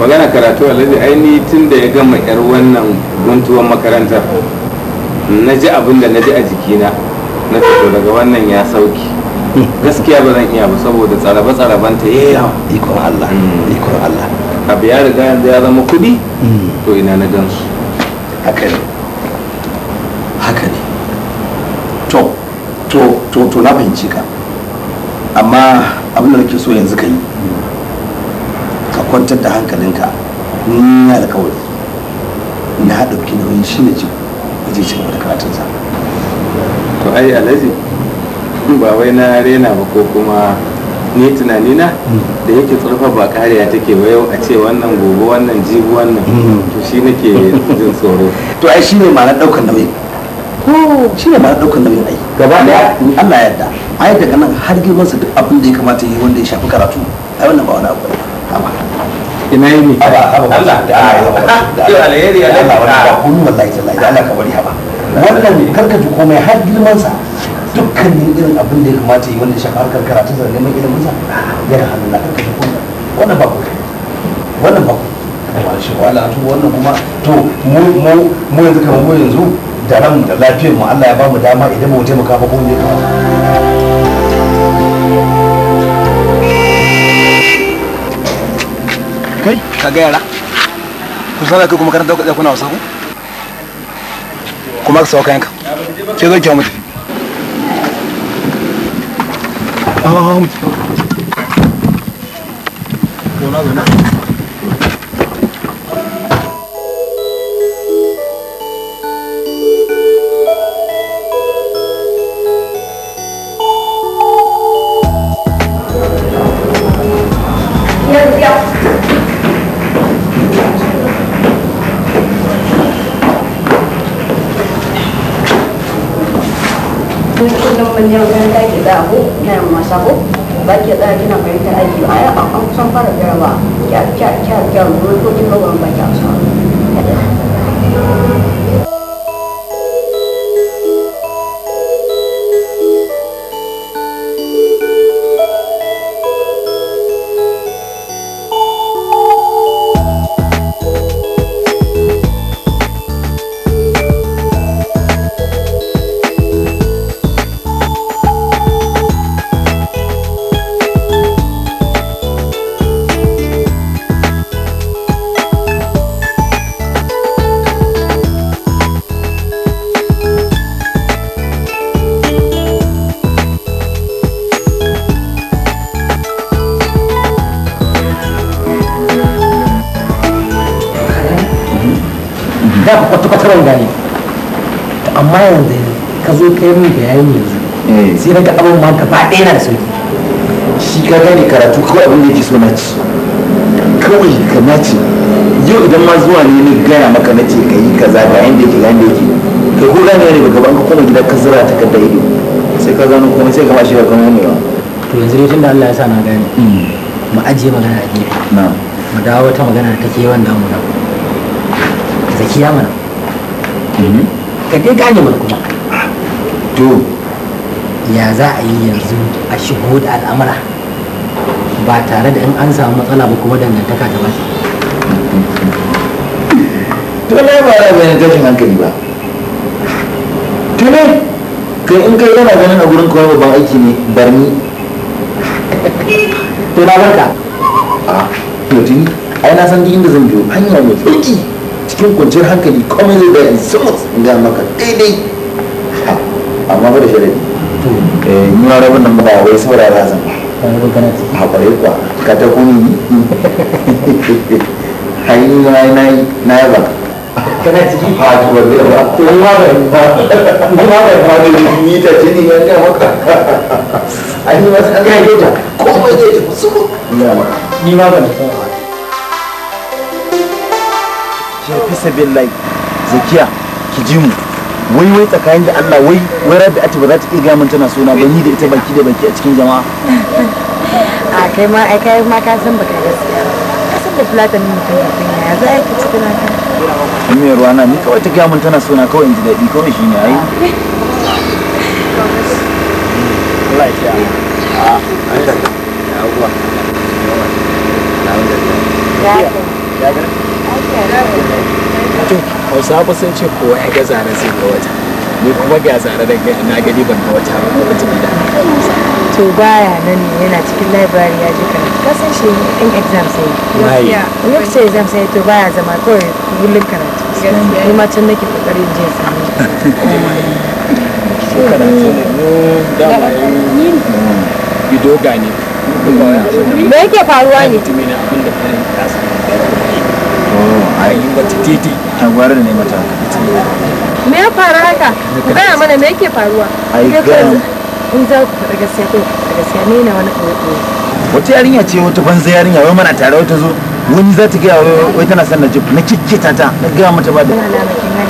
magana karatu alhaji aini tun da ya gama yar wannan guntuwan makaranta na ji abin da na ji a jikina na fito daga wannan ya sauki gaskiya ba zan iya ba saboda tsarabe tsaraben ta yayi yawa ikon Allah mm. ikon Allah abu ya riga yanzu ya zama kudi mm. to ina na gansu haka ne haka ne to to to na fahimci ka amma abin da nake so yanzu ka yi kwantar da hankalinka ni kawai na ɗauki nauyin shi ne ji ci gaba da karatunsa to ai alhaji ba wai na rena ba ko kuma ni tunani na da yake tsarfa ba kariya take wa yau a ce wannan gobe wannan jibu wannan to shi nake jin tsoro to ai shine ma na daukar nauyin shi ne ma na daukar nauyin ai gaba daya in Allah ya yarda ai daga nan har girmansa duk abin da ya kamata yi wanda ya shafi karatu ai wannan ba wani abu ba ina yi ne Allah da alheri Allah wani ya kamata yi wanda shafa harkar karatu da yana to wannan kuma to mu mu mu yanzu kamar mu yanzu da ran da lafiyar mu Allah ya bamu dama idan mu taimaka ba ko ne kawai ka ga yara ku sana kai kuma karanta da kuna wasa ku kuma ka sawa kayanka ke zo ki mutu Ah, kullum mun je makaranta da abu na yamma sabo ba ki fahimtar aiki a kan kusan fara jaraba kya ko da ku kwata-kwata ban gane amma yanzu ka zo kai min bayani yanzu eh. sai na ga abin ma gaba ɗaya na da sauki shi ka gane karatu kawai abin da ke so na ci kawai ka nace yau idan ma zuwa ne ni gaya maka nace ka yi kaza ga yanda yake ga yanda yake ka ko gane ne daga gaban ka kuma gida ka zura ta kadda ido sai ka gano kuma sai ka ma shi da kuma ne to yanzu ne tunda Allah ya sa na gane hmm. mu ajiye magana a gefe mu dawo wata magana da take yawan damuna zakiya ya mana mhm. ka dai gane mana kuma to ya za a yi yanzu a shigo da al'amura ba tare da in an samu matsala ba kuma dangantaka ta bashi to ne ba da bayan tashin hankali ba to ne kai in kai yana ganin a gurin kawai babban aiki ne barni to na barka a ah, yau tuni ai na san duk inda zan biyo hanya mai tsarki cikin kwanciyar hankali komai zai bayan samun ga maka daidai amma ba da sharadi eh, ni ma rabin nan ba wai saurara zan ba kwarai kwa ka ta kuni hayi ma na yi na yaba kana ciki fatu wanda ya ba to ni ma bai ba ni ma bai ba da ni ta ce ni ga maka ai ni ma san ga ta komai zai tafi su ni ma ban ta sabilillahi zakiya ki ji mu wai wai tsakanin da Allah wai wai rabbi ati ba za ta iya gamin tana suna ba ni da ita baki da baki a cikin jama'a a kai ma a kai ma ka san baka gaskiya ka san da ne mutum ya kunya ya za a yi cikin haka mai ruwa na ni kawai ta gamin tana suna kawai in ji daɗi kawai shine ai Yeah. Yeah. Yeah. Yeah. Yeah. Yeah. Yeah. Yeah. Yeah. Yeah. Yeah to hausa ba sun ce kowa ya ga zare zai ga wata ni kuma ga zare da na gani ban ga wata ba wata da to baya nan yana cikin library ya ji karatu ka san shi in exam sai ya lokacin exam sai to baya zama kawai kullum karatu ni ma can nake kokarin je samu karatu mm, ne da mai gido gane me yake faruwa ne a yi mata titi a gwara da ne mata haka me ya faru haka ku gaya mana me yake faruwa ai gaya in za ku faɗa gaskiya ko faɗa gaskiya ne na wani abu wata yarinya ce wata banza yarinya wai mana tare wata zo wani za ta gaya wai tana son na jib na kikkita ta na gaya mata ba da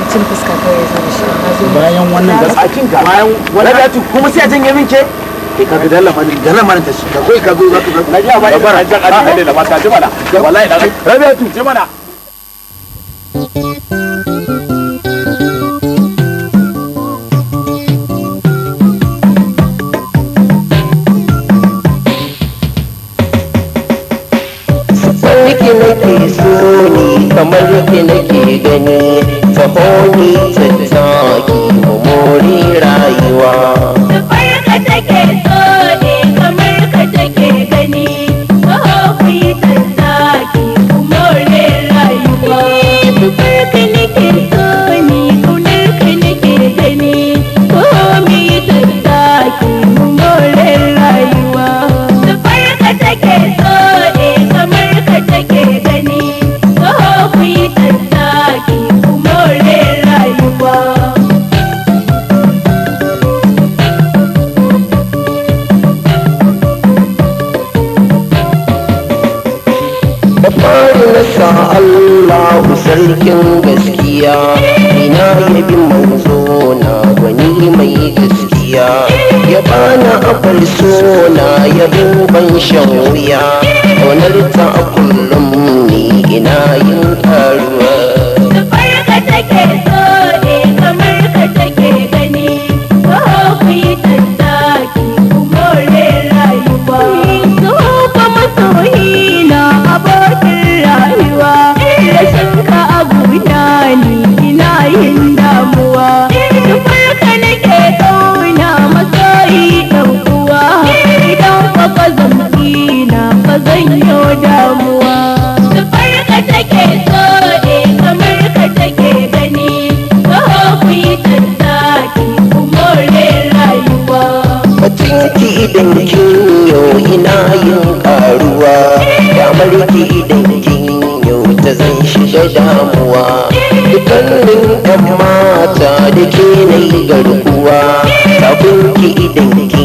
cin fuska kawai ya zama shi bayan wannan gaskiya bayan wannan kuma sai a janye min ke kai ka gidan lamarin da lamarin ta shi ka kai ka zo za ka zo na ji a bayan ka jan adin da ba ka ji mana wallahi da rabiatu ji mana rufe nake gani ta honi tattaki mu rayuwa. Da farka take wuya ya bana apul suna ya ban shan wuya ƙaunar ta a kullum ni ina yin karuwa. take faɗi dangin yau zan shiga damuwa dukannin ɗan mata da ke na yi garkuwa ta kunki dangin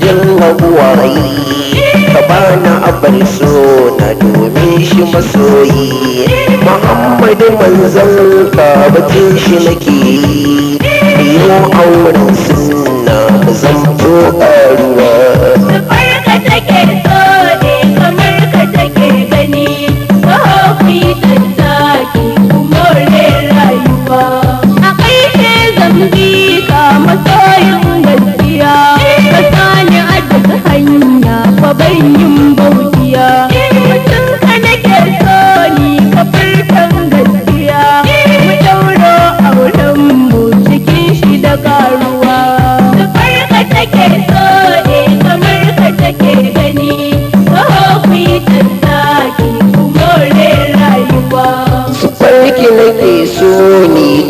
jin huwarai ka bana abar na domin shi masoyi muhammadu manzan ka bakin shi nake biyu a auren suna zan zamto ƙaruwa.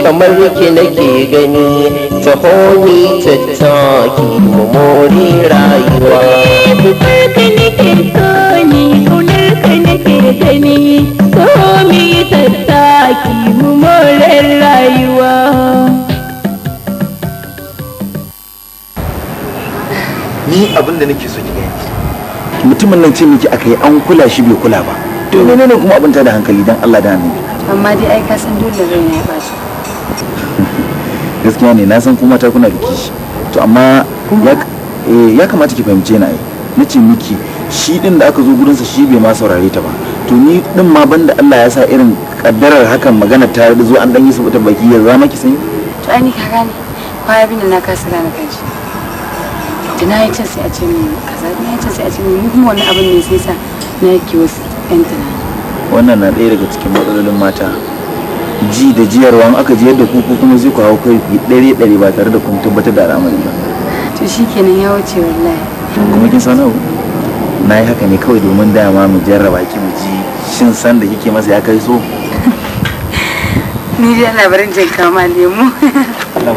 kamar yake nake gani tahoni tattaki mu more rayuwa fitarka nake toni kaunarka nake gani komi tattaki mu more rayuwa ni abin da nake so ki gani mutumin nan ce miki aka yi an kula shi bai kula ba to menene kuma abin ta da hankali dan Allah da annabi amma dai ai ka san dole ne ya shi gaskiya ne na san kuma ta kuna da shi to amma eh, ya kamata ki fahimce na na ce miki shi din da aka zo gurinsa shi bai ma saurare ta ba to ni din ma banda Allah ya sa irin kaddarar hakan magana ta zo an dan yi saboda baki ya zama ki sani to ai ni ka gane ya bin na kasa gane kanshi da na yi can sai a ce min kaza na ya can sai a ce min kuma wani abin ne sai sa na yake wasu yan tunani wannan na ɗaya daga cikin matsalolin mata ji da jiyarwa aka jiyar da ku ko kuma zai ku kai ku ɗare ɗare ba tare da kun tabbatar da al'amari ba to kenan ya wuce wallahi kuma kin san abu na yi haka ne kawai domin dama mu jarraba ki mu ji shin san da kike masa ya kai so ni dai labarin jin kama lemu Allah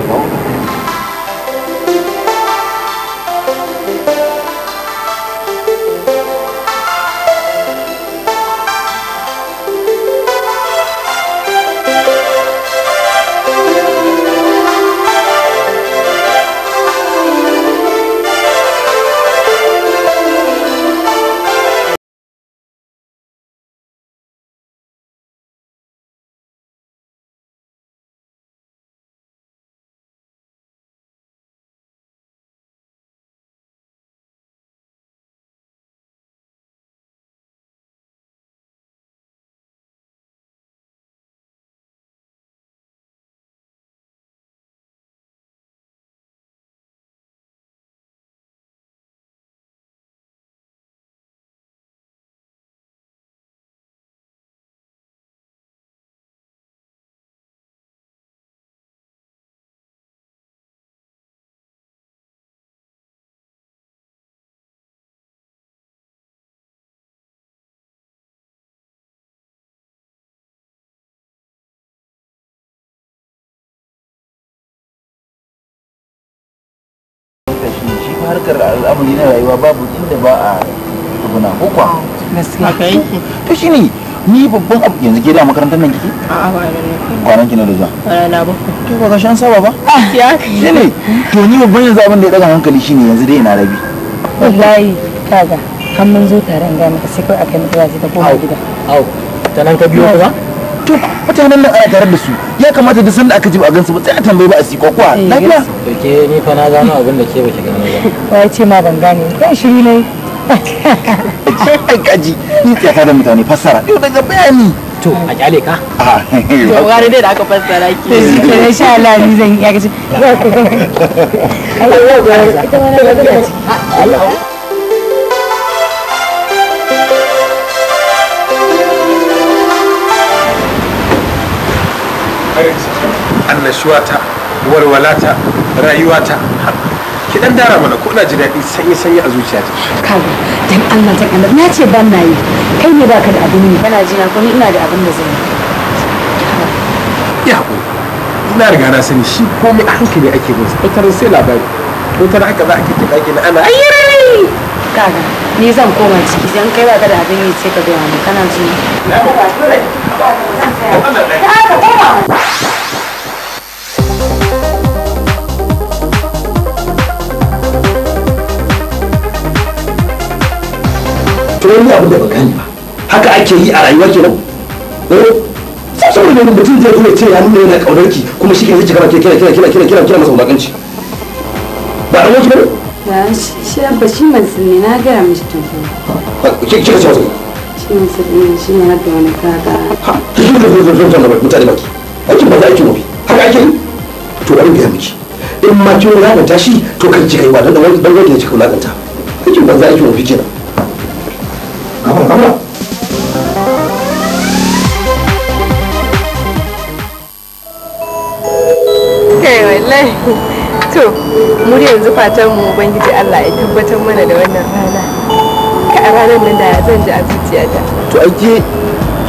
harkar al'amari na rayuwa babu inda ba a tuguna hukwa kwa shi ne ni babban abu yanzu ke da makarantar nan kike a'a ba kwanan kina da zuwa kwana bakwai ke ba ka shan saba ba ah, ya ne to ni babban yanzu abin da ya daga hankali shi ne yanzu dai na rabi wallahi kaga kan mun zo taron ga maka sai kai akai mutuwa zai ta koma gida au ta nan ka biyo ka to mutanen nan ana tare da su ya kamata duk sanda aka ji ba a gansu ba sai a tambayi ba a siko kuwa lafiya eh, to ke ni fa na gano abin da ke baki gano ba wai ce ma ban gane kan shiri ne kaji ni ce ta da mutane fassara yau daga bayani to a kyale ka to ah. gare dai da aka fassara ke to insha Allah ni zan yi ya kace Allah ya ga ita ma wannan da ciki annashuwata walwalata rayuwata ki dan dara mana ko ina ji daɗi sanyi sanyi a ta. kaga dan Allah dan Allah na ce ban nayi kai ne baka da abin ne bana jina ko ni ina da abin da zan yi ya ko ina riga na sani shi komai hankali ake bin sa wata sai labari wata haka za a kitta kake na ana ayyari kaga ni zan koma ciki dan kai baka da abin yi sai ka ga mu kana ji na ba dole ka ba ka koma to wani abin da ba ba haka ake yi a rayuwa eh? mutum zai ce ya nuna yana kaunar ki kuma shi ke zai cigaba ke kira kira kira kira kira kira masa wulakanci ba a yanki bane ya shi abba shi na gaya mishi tuntun ke kika ce masa shi musulmi shi ne hadda wani kaga ha ki zo zo zo mutane baki aikin ba za haka ake yi to wani biya miki in ma kin shi to kan ki kai ba dan wani bangare wani ne ki wulakanta aikin ba za kenan Muryar yanzu fatan mu ubangiji Allah ya tabbatar mana da wannan rana ka a ranar nan da zan ji a zuciyata to ai ke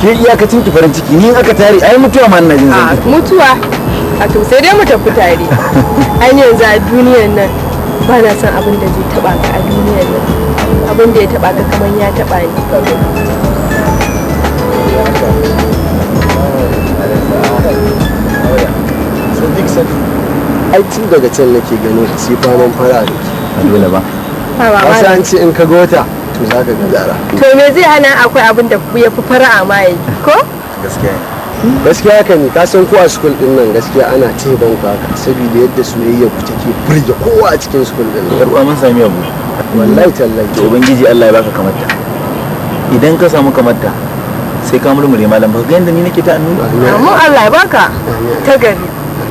ke iyakacin ki farin ciki ni aka tare ai mutuwa ma ina jin zan mutuwa a to sai dai mu tafi tare ai yanzu a duniyar nan ba na son abin da zai taba ka a duniyar nan abin da ya taba ka kamar ya taba ni Thank you. ai tun daga can nake gani sai faman fara da ke dole ba wasu an ce in ka gota to za ka ga zara to me zai hana akwai abin da ya fi fara a maye ko gaskiya gaskiya haka ne kasan ko a school din nan gaskiya ana ce ban haka saboda yadda soyayya ku take burge kowa a cikin school din nan ruwa mun sami abu wallahi tallahi to ubangiji Allah ya baka kamarta idan ka samu kamarta sai ka murmure malam ba ga yanda ni nake ta annu amma Allah ya baka ta gari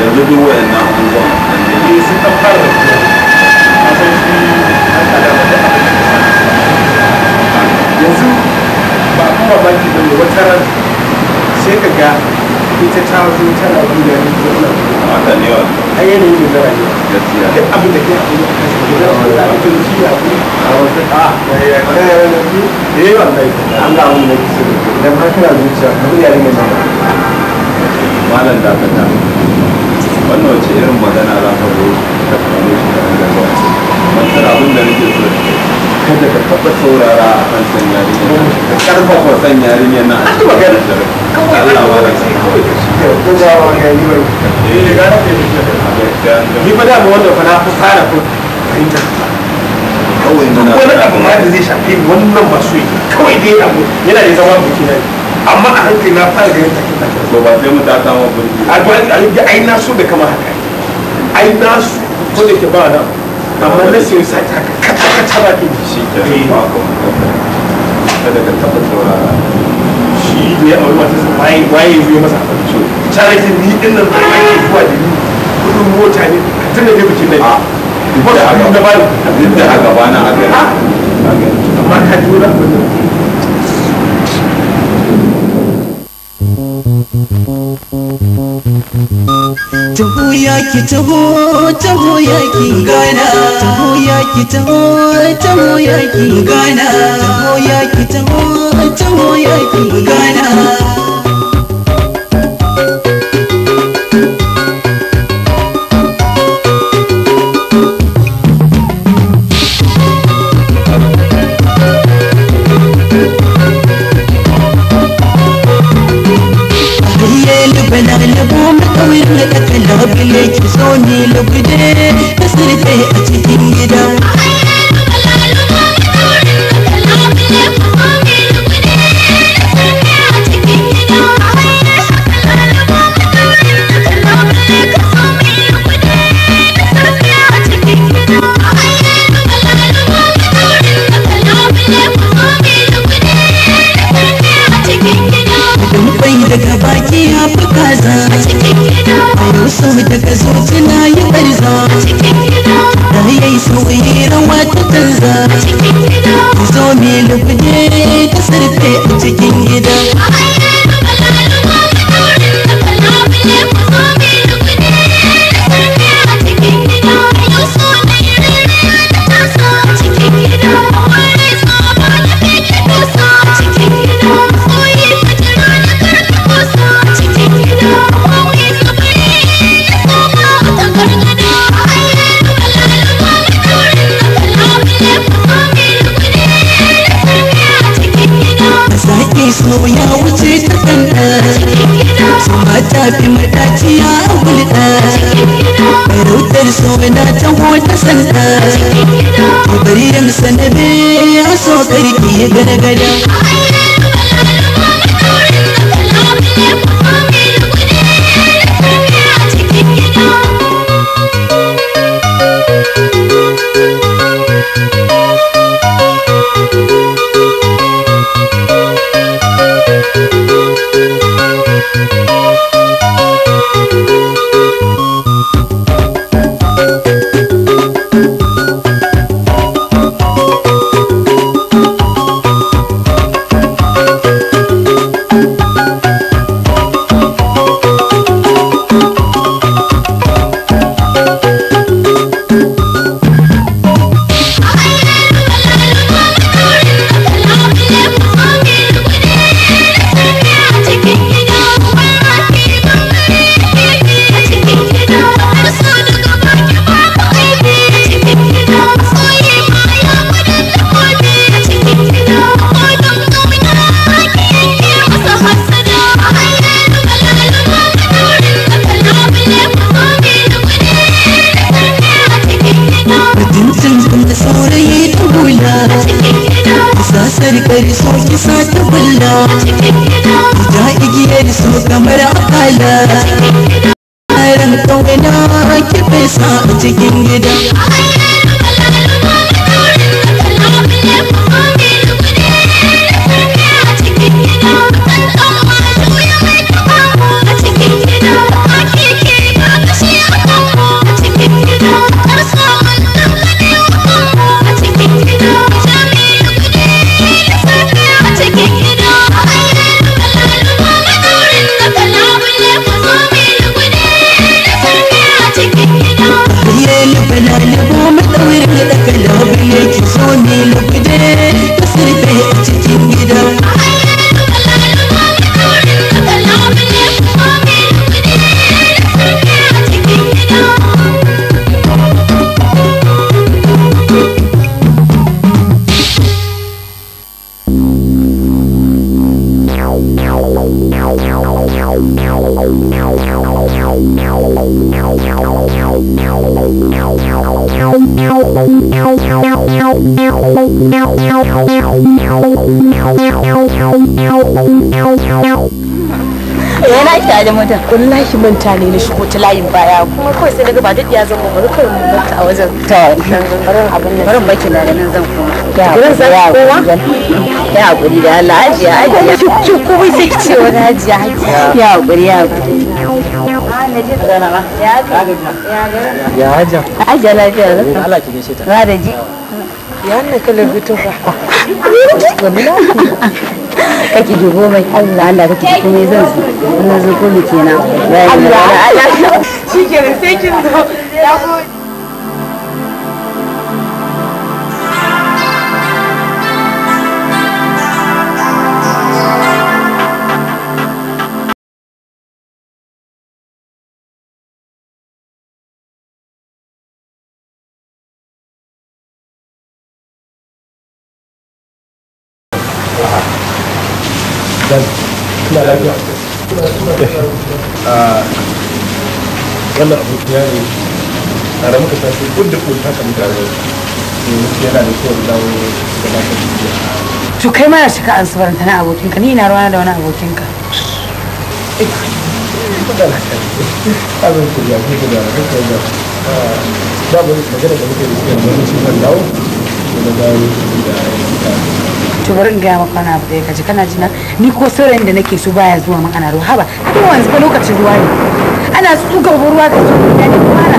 yanzu duk wayan nan abubuwan yanzu sun ɗan fara da kuma kasan shi an kalama da abin da yanzu ba kuma baki da ne wata ran sai ka ga ita ta zo tana duniya ne ta wani haka ne wa a yanayi ne na rayuwa gaskiya duk abin da ke a kuma kashi da wani abin shi ya fi a wata a ya yi wannan an ga abin da ke so idan har kana zuciya ka zuciya ne mai malam da ka wannan wace irin magana za ka zo ka faru shi kan da zuwa ce matsar abin da nake so kada ka taɓa saurara a kan san ne ka karfafa san ne na a cikin magana Allah ma da sai kawai da shi ko ba da da da mu wannan fa na fi fara ko kawai na wani abu ma da zai shafi wannan masu kawai dai abu yana da zama bukina ne amma a hankali na fara ganin take take to ba sai mu tata mu burki a yi ai na so da kama haka ai na so ko da ke ba nan amma na sai sa ta kata kata ba ke shi ke ba ko kada ka tabbata shi ne a wani wata waye waye yi masa abinci tare da ni din nan da yake zuwa da ni gudun mota ne a tunda ne bikin nan da haka ba da haka ba na haka amma ka jura abin yaki taho taho yaki gana taho yaki taho taho yaki gana taho yaki taho taho yaki gana abile ki zo ne labide ta sirfe a cikin gidan Gonna go down. Yana na ki aje mota manta ne na shigo ta layin baya kuma kawai sai daga ba duk ya zama bari kawai mun barka a wajen ta barin abin nan barin baki na nan zan koma gurin zan ya hakuri da Allah sai ce wani ya hakuri ya hakuri ya lafiya Allah ki gaishe ta da ji ya kake ki mai Allah Allah kake dubo mai zan su na zo ko kenan Allah Allah shikenan sai kin zo ya gode yana da kyau da to kai ma shi ka ansu na abokinka ni ina ruwana da wani abokinka to bari in gaya maka wani abu da kaji kana jina ni ko saurayin da nake so baya zuwa min ana ruwa ba kuma wanzu ba lokacin ruwa ne ana tsugar ruwa ka zo ne kuma ana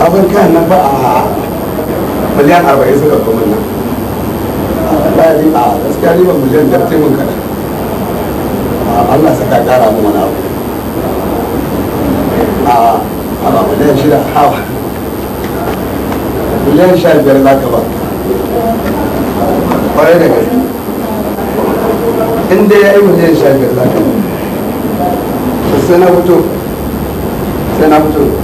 abin kayan nan ba a miliyan arba'in suka kuma nan ɗari a gaskiya riban miliyan da taimun kaɗan allah saka ƙara mu wani abu a ba miliyan shida hawa miliyan sha biyar za ka ba kwarai da gaske inda ya yi miliyan sha biyar za ka ba sai na fito sai na fito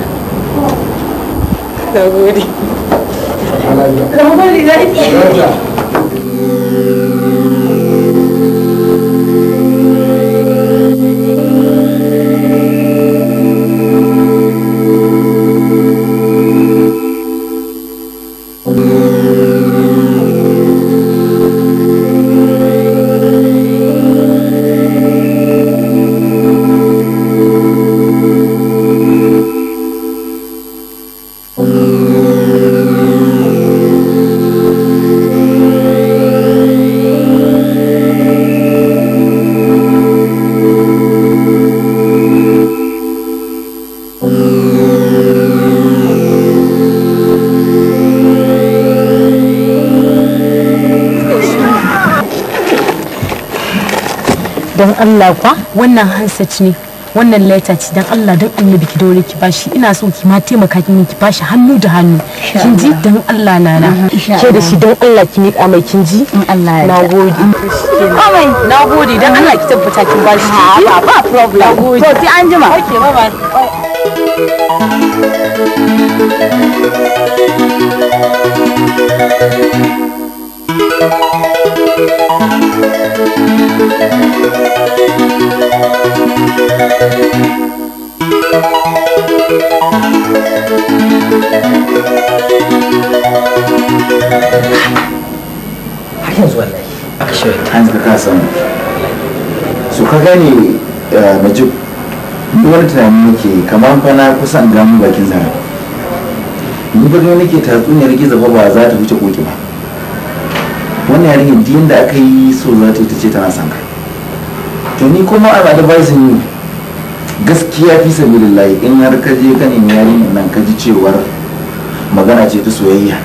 na gode Allah kwa wannan handset ne wannan leta ce dan Allah dan annabi ki daure ki bashi ina so ki ma taimaka ki ki bashi hannu da hannu kin ji dan Allah nana mm-hmm. ke da shi dan Allah ki miƙa mai kin ji in Allah ya nagode amai mm-hmm. nagode dan Allah ki tabbata kin bashi ba ba problem nagode to ki anjima okay bye bye har yanzu ka su ka gane eh, wani tunani nake kamar fa na kusan gamu bakin zara ni ba nake tatsuniyar gizo ba ba za ta wuce koki ba wannan yarinya duk yadda aka yi so za ta yi ce tana son ka to ni kuma a ba da ne gaskiya fi sabilillahi in har ka je ka nemi yarinya nan ka ji cewar magana ce ta soyayya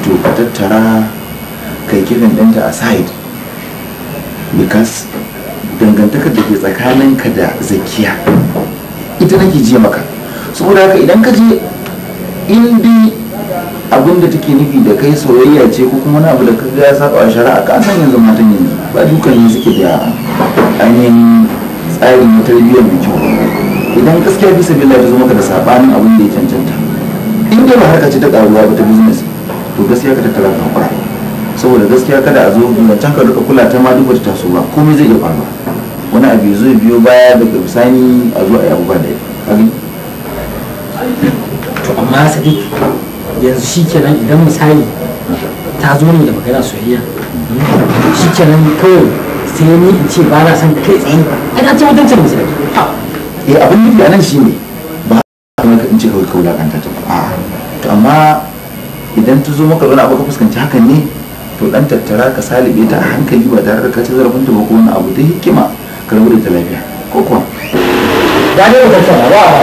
to ka tattara kai kifin ɗinta a side because dangantakar da ke tsakaninka da zakiya ita nake je maka saboda haka idan ka je in abin da take nufi da kai soyayya ce ko kuma wani abu da kaga ya saba shari'a ka san yanzu matan yanzu ba dukan ne suke da ainihin tsarin na tarbiyyar da kyau idan gaskiya bisa billahi ta zama maka da sabanin abin da ya cancanta in dai ba harka ce ta karuwa ba ta business to gaskiya ka tattara ka kwara saboda gaskiya kada a zo can ka duka kula ta ma duk ta taso ba komai zai iya faruwa wani abu zai biyo baya daga bisani a zo a yi abubuwa da ya to amma sai yanzu shi kenan idan misali ta zo ne da magana soyayya shi kenan kawai sai ni in ce ba na son kai tsaye a ta ce mutuncin misali eh abin nufi a nan shi ne ba kamar ka in ce kawai ka wulakanta ta ba to amma idan ta zo maka wani abu ka fuskanci hakan ne to dan tattara ka salibe ta hankali ba tare da ka ci zarafin ta ba ko wani abu da hikima ka rabu da ta lafiya ko kuwa da ne ba ta ba ba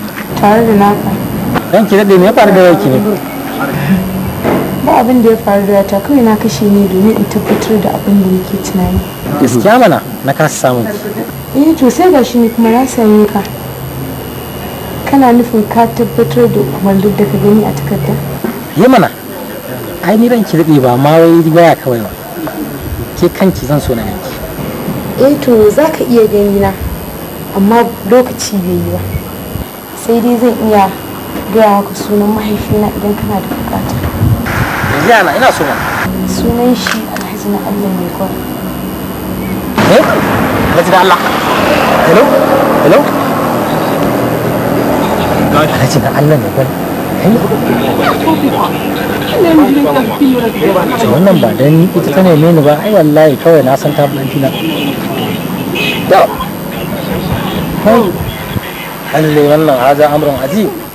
tare da naka dan ki daɗe mai ya faru da yake ne ba abin da ya faru da ta kawai na kashe ne domin in tabbatar da abin da yake tunani gaskiya mana na kasa samun eh to sai shi ne kuma na same ka kana nufin ka tabbatar da umarnin da ka gani a takarda yi mana ai ni ranki daɗe ba ma wai waya kawai ba ke kanki zan so na yanki eh to za ka iya gani na amma lokaci bai yi ba sai dai zan iya gaya ka sunan mahaifina idan kana da bukata yanzu yana ina so sunan shi alhaji na allah mai kwa. eh alhaji na allah hello hello alhaji na allah mai kwan wannan ba dan ni ita ta neme ni ba ai wallahi kawai na san ta fi na قال لي والله هذا أمر عجيب